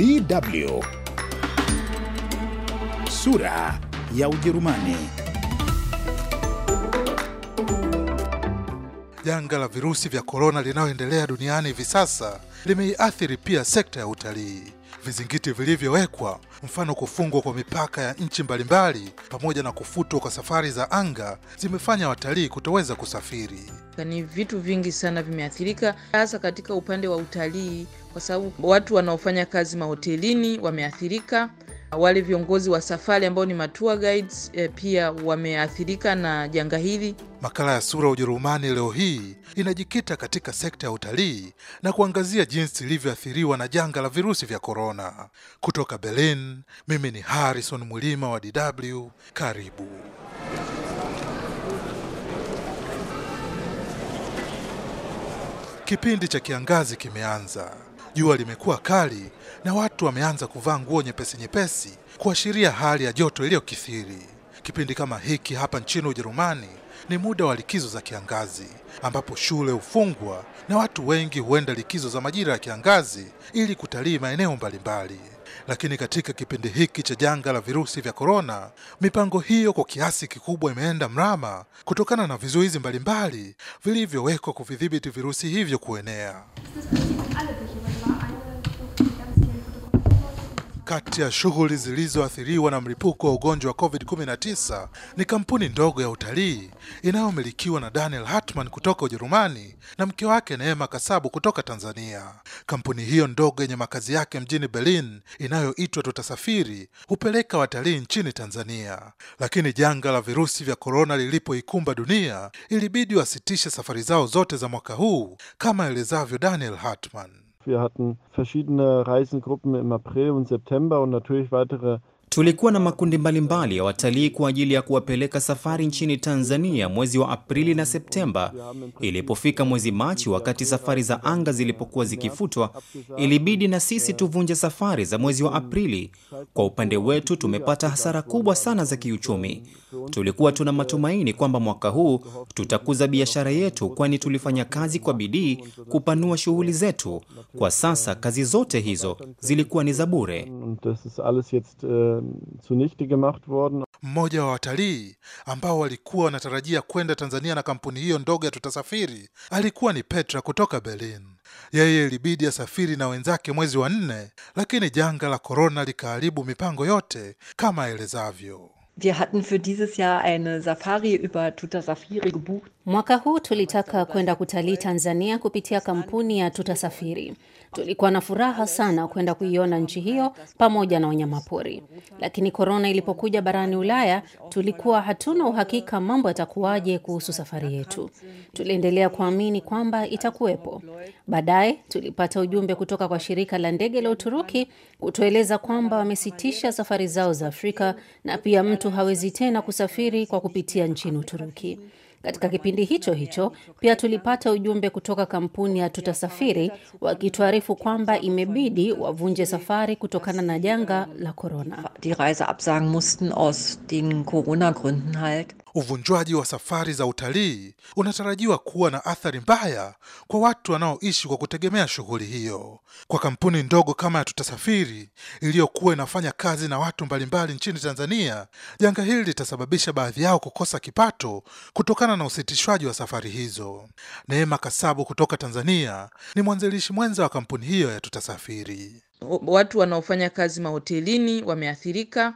DW sura ya Ujerumani. Janga la virusi vya korona linayoendelea duniani hivi sasa limeiathiri pia sekta ya utalii. Vizingiti vilivyowekwa, mfano kufungwa kwa mipaka ya nchi mbalimbali pamoja na kufutwa kwa safari za anga, zimefanya watalii kutoweza kusafiri. Ni vitu vingi sana vimeathirika, hasa katika upande wa utalii, kwa sababu watu wanaofanya kazi mahotelini wameathirika wale viongozi wa safari ambao ni matua guides e, pia wameathirika na janga hili. Makala ya Sura Ujerumani leo hii inajikita katika sekta ya utalii na kuangazia jinsi ilivyoathiriwa na janga la virusi vya korona. Kutoka Berlin, mimi ni Harrison Mwilima wa DW. Karibu. Kipindi cha kiangazi kimeanza, jua limekuwa kali na watu wameanza kuvaa nguo nyepesi nyepesi kuashiria hali ya joto iliyokithiri. Kipindi kama hiki hapa nchini Ujerumani ni muda wa likizo za kiangazi ambapo shule hufungwa na watu wengi huenda likizo za majira ya kiangazi ili kutalii maeneo mbalimbali. Lakini katika kipindi hiki cha janga la virusi vya korona, mipango hiyo kwa kiasi kikubwa imeenda mrama kutokana na vizuizi mbalimbali vilivyowekwa kuvidhibiti virusi hivyo kuenea. Kati ya shughuli zilizoathiriwa na mlipuko wa ugonjwa wa COVID-19 ni kampuni ndogo ya utalii inayomilikiwa na Daniel Hartmann kutoka Ujerumani na mke wake Neema Kasabu kutoka Tanzania. Kampuni hiyo ndogo yenye makazi yake mjini Berlin inayoitwa Tutasafiri hupeleka watalii nchini Tanzania, lakini janga la virusi vya korona lilipoikumba dunia ilibidi wasitishe safari zao zote za mwaka huu kama elezavyo Daniel Hartmann. Wir hatten verschiedene Reisengruppen im April und September und natürlich weitere Tulikuwa na makundi mbalimbali ya watalii kwa ajili ya kuwapeleka safari nchini Tanzania mwezi wa Aprili na Septemba. Ilipofika mwezi Machi, wakati safari za anga zilipokuwa zikifutwa, ilibidi na sisi tuvunje safari za mwezi wa Aprili. Kwa upande wetu, tumepata hasara kubwa sana za kiuchumi. Tulikuwa tuna matumaini kwamba mwaka huu tutakuza biashara yetu, kwani tulifanya kazi kwa bidii kupanua shughuli zetu. Kwa sasa kazi zote hizo zilikuwa ni za bure. Ähm, Mmoja wa watalii ambao walikuwa wanatarajia kwenda Tanzania na kampuni hiyo ndogo ya Tutasafiri alikuwa ni Petra kutoka Berlin. Yeye ilibidi asafiri na wenzake mwezi wa nne, lakini janga la korona likaharibu mipango yote kama aelezavyo. Wir hatten für dieses Jahr eine Safari über Tuta Safiri gebucht Mwaka huu tulitaka kwenda kutalii Tanzania kupitia kampuni ya Tutasafiri. Tulikuwa na furaha sana kwenda kuiona nchi hiyo pamoja na wanyamapori, lakini korona ilipokuja barani Ulaya, tulikuwa hatuna uhakika mambo yatakuwaje kuhusu safari yetu. Tuliendelea kuamini kwamba itakuwepo. Baadaye tulipata ujumbe kutoka kwa shirika la ndege la Uturuki kutueleza kwamba wamesitisha safari zao za Afrika na pia mtu hawezi tena kusafiri kwa kupitia nchini Uturuki. Katika kipindi hicho hicho pia tulipata ujumbe kutoka kampuni ya Tutasafiri wakituarifu kwamba imebidi wavunje safari kutokana na janga la korona. aus den Corona halt. Uvunjwaji wa safari za utalii unatarajiwa kuwa na athari mbaya kwa watu wanaoishi kwa kutegemea shughuli hiyo. Kwa kampuni ndogo kama ya Tutasafiri iliyokuwa inafanya kazi na watu mbalimbali nchini Tanzania, janga hili litasababisha baadhi yao kukosa kipato kutokana na usitishwaji wa safari hizo. Neema Kasabu kutoka Tanzania ni mwanzilishi mwenza wa kampuni hiyo ya Tutasafiri. Watu wanaofanya kazi mahotelini wameathirika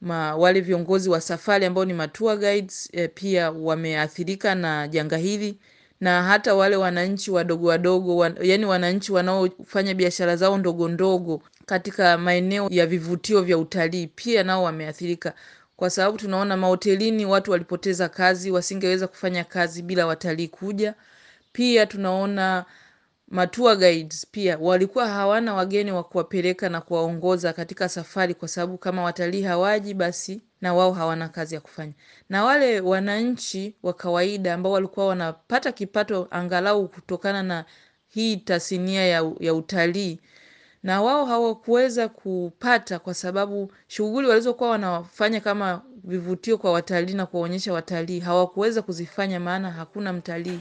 ma, wale viongozi wa safari ambao ni matua guides e, pia wameathirika na janga hili na hata wale wananchi wadogo wadogo wan, yani wananchi wanaofanya biashara zao ndogo ndogo katika maeneo ya vivutio vya utalii pia nao wameathirika, kwa sababu tunaona mahotelini watu walipoteza kazi, wasingeweza kufanya kazi bila watalii kuja. Pia tunaona Matua guides pia walikuwa hawana wageni wa kuwapeleka na kuwaongoza katika safari, kwa sababu kama watalii hawaji, basi na wao hawana kazi ya kufanya. Na wale wananchi wa kawaida ambao walikuwa wanapata kipato angalau kutokana na hii tasnia ya, ya utalii, na wao hawakuweza kupata, kwa sababu shughuli walizokuwa wanafanya kama vivutio kwa watalii na kuwaonyesha watalii hawakuweza kuzifanya, maana hakuna mtalii.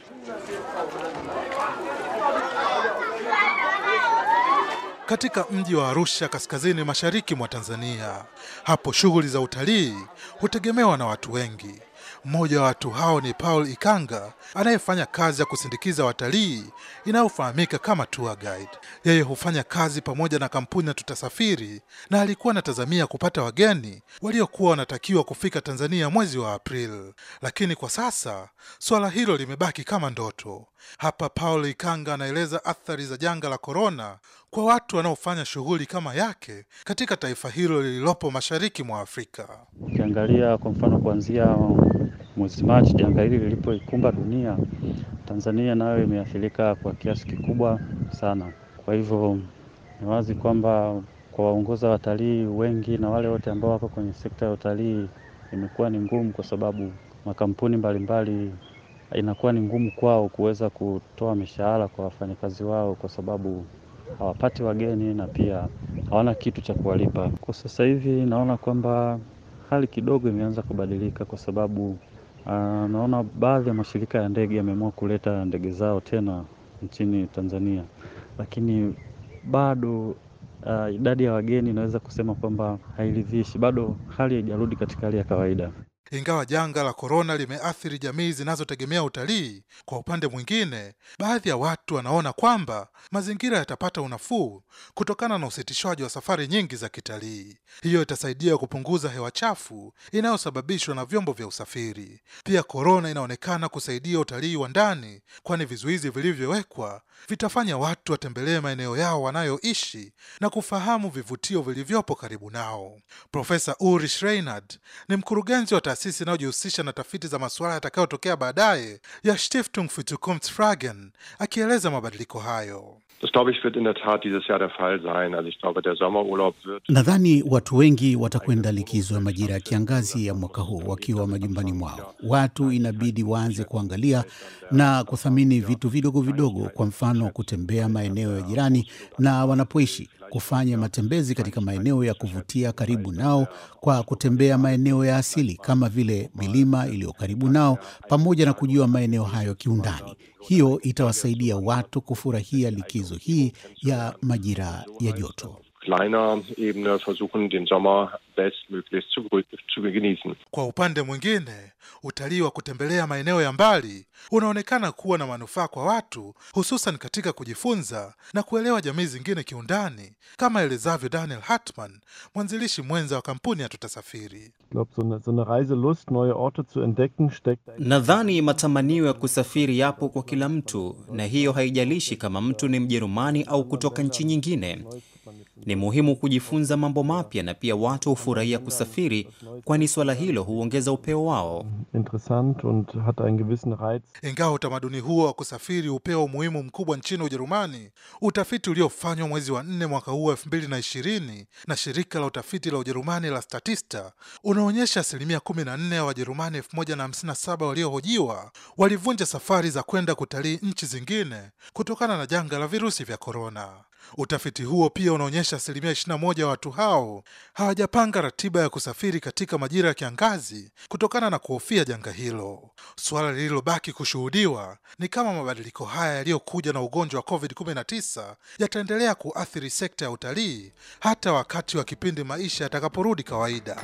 katika mji wa Arusha kaskazini mashariki mwa Tanzania. Hapo shughuli za utalii hutegemewa na watu wengi. Mmoja wa watu hao ni Paul Ikanga anayefanya kazi ya kusindikiza watalii inayofahamika kama tour guide. Yeye hufanya kazi pamoja na kampuni ya Tutasafiri na alikuwa anatazamia kupata wageni waliokuwa wanatakiwa kufika Tanzania mwezi wa Aprili, lakini kwa sasa swala hilo limebaki kama ndoto. Hapa Paul Ikanga anaeleza athari za janga la korona kwa watu wanaofanya shughuli kama yake katika taifa hilo lililopo mashariki mwa Afrika. Ukiangalia kwa mfano kuanzia mwezi Machi, janga hili lilipoikumba dunia, Tanzania nayo imeathirika kwa kiasi kikubwa sana. Kwa hivyo ni wazi kwamba kwa waongoza watalii wengi na wale wote ambao wako kwenye sekta ya utalii imekuwa ni ngumu, kwa sababu makampuni mbalimbali inakuwa ni ngumu kwao kuweza kutoa mishahara kwa wafanyakazi wao, kwa sababu hawapati wageni na pia hawana kitu cha kuwalipa. Kwa sasa hivi naona kwamba hali kidogo imeanza kubadilika, kwa sababu Ah, naona baadhi ya mashirika ya ndege yameamua kuleta ndege zao tena nchini Tanzania, lakini bado ah, idadi ya wageni inaweza kusema kwamba hairidhishi, bado hali haijarudi katika hali ya kawaida. Ingawa janga la korona limeathiri jamii zinazotegemea utalii, kwa upande mwingine, baadhi ya watu wanaona kwamba mazingira yatapata unafuu kutokana na usitishwaji wa safari nyingi za kitalii. Hiyo itasaidia kupunguza hewa chafu inayosababishwa na vyombo vya usafiri. Pia korona inaonekana kusaidia utalii wa ndani, kwani vizuizi vilivyowekwa vitafanya watu watembelee maeneo yao wanayoishi na kufahamu vivutio vilivyopo karibu nao. Profesa Uri Shreinhard ni mkurugenzi wa taasisi inayojihusisha na tafiti za masuala yatakayotokea baadaye ya Stiftung für Fragen akieleza mabadiliko hayo. Nadhani watu wengi watakwenda likizo ya majira ya kiangazi ya mwaka huu wakiwa majumbani mwao. Watu inabidi waanze kuangalia na kuthamini vitu vidogo vidogo, kwa mfano kutembea maeneo ya jirani na wanapoishi kufanya matembezi katika maeneo ya kuvutia karibu nao kwa kutembea maeneo ya asili kama vile milima iliyo karibu nao, pamoja na kujua maeneo hayo kiundani. Hiyo itawasaidia watu kufurahia likizo hii ya majira ya joto kleiner Ebene versuchen, den Sommer bestmöglichst zu, zu genießen. Kwa upande mwingine, utalii wa kutembelea maeneo ya mbali unaonekana kuwa na manufaa kwa watu, hususan katika kujifunza na kuelewa jamii zingine kiundani, kama elezavyo Daniel Hartman, mwanzilishi mwenza wa kampuni ya Tutasafiri. Nadhani matamanio ya kusafiri yapo kwa kila mtu, na hiyo haijalishi kama mtu ni Mjerumani au kutoka nchi nyingine. Ni muhimu kujifunza mambo mapya na pia watu hufurahia kusafiri, kwani swala hilo huongeza upeo wao. Ingawa utamaduni huo wa kusafiri hupewa umuhimu mkubwa nchini Ujerumani, utafiti uliofanywa mwezi wa nne mwaka huu elfu mbili na ishirini na shirika la utafiti la Ujerumani la Statista unaonyesha asilimia kumi na nne ya Wajerumani elfu moja na hamsini na saba waliohojiwa walivunja safari za kwenda kutalii nchi zingine kutokana na janga la virusi vya korona. Utafiti huo pia unaonyesha asilimia 21 ya watu hao hawajapanga ratiba ya kusafiri katika majira ya kiangazi kutokana na kuhofia janga hilo. Suala lililobaki kushuhudiwa ni kama mabadiliko haya yaliyokuja na ugonjwa wa COVID-19 yataendelea kuathiri sekta ya utalii hata wakati wa kipindi maisha yatakaporudi kawaida.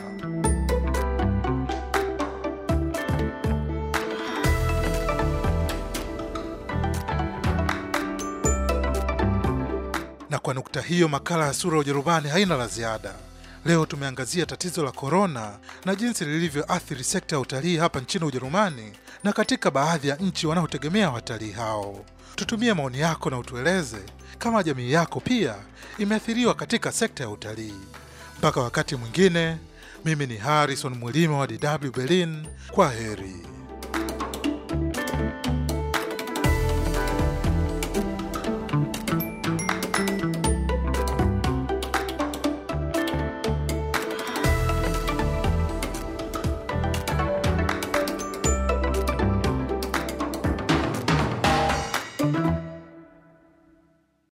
Na kwa nukta hiyo, makala ya Sura ya Ujerumani haina la ziada. Leo tumeangazia tatizo la korona na jinsi lilivyoathiri sekta ya utalii hapa nchini Ujerumani na katika baadhi ya nchi wanaotegemea watalii hao. Tutumie maoni yako na utueleze kama jamii yako pia imeathiriwa katika sekta ya utalii. Mpaka wakati mwingine, mimi ni Harrison Mwilima wa DW Berlin. Kwa heri.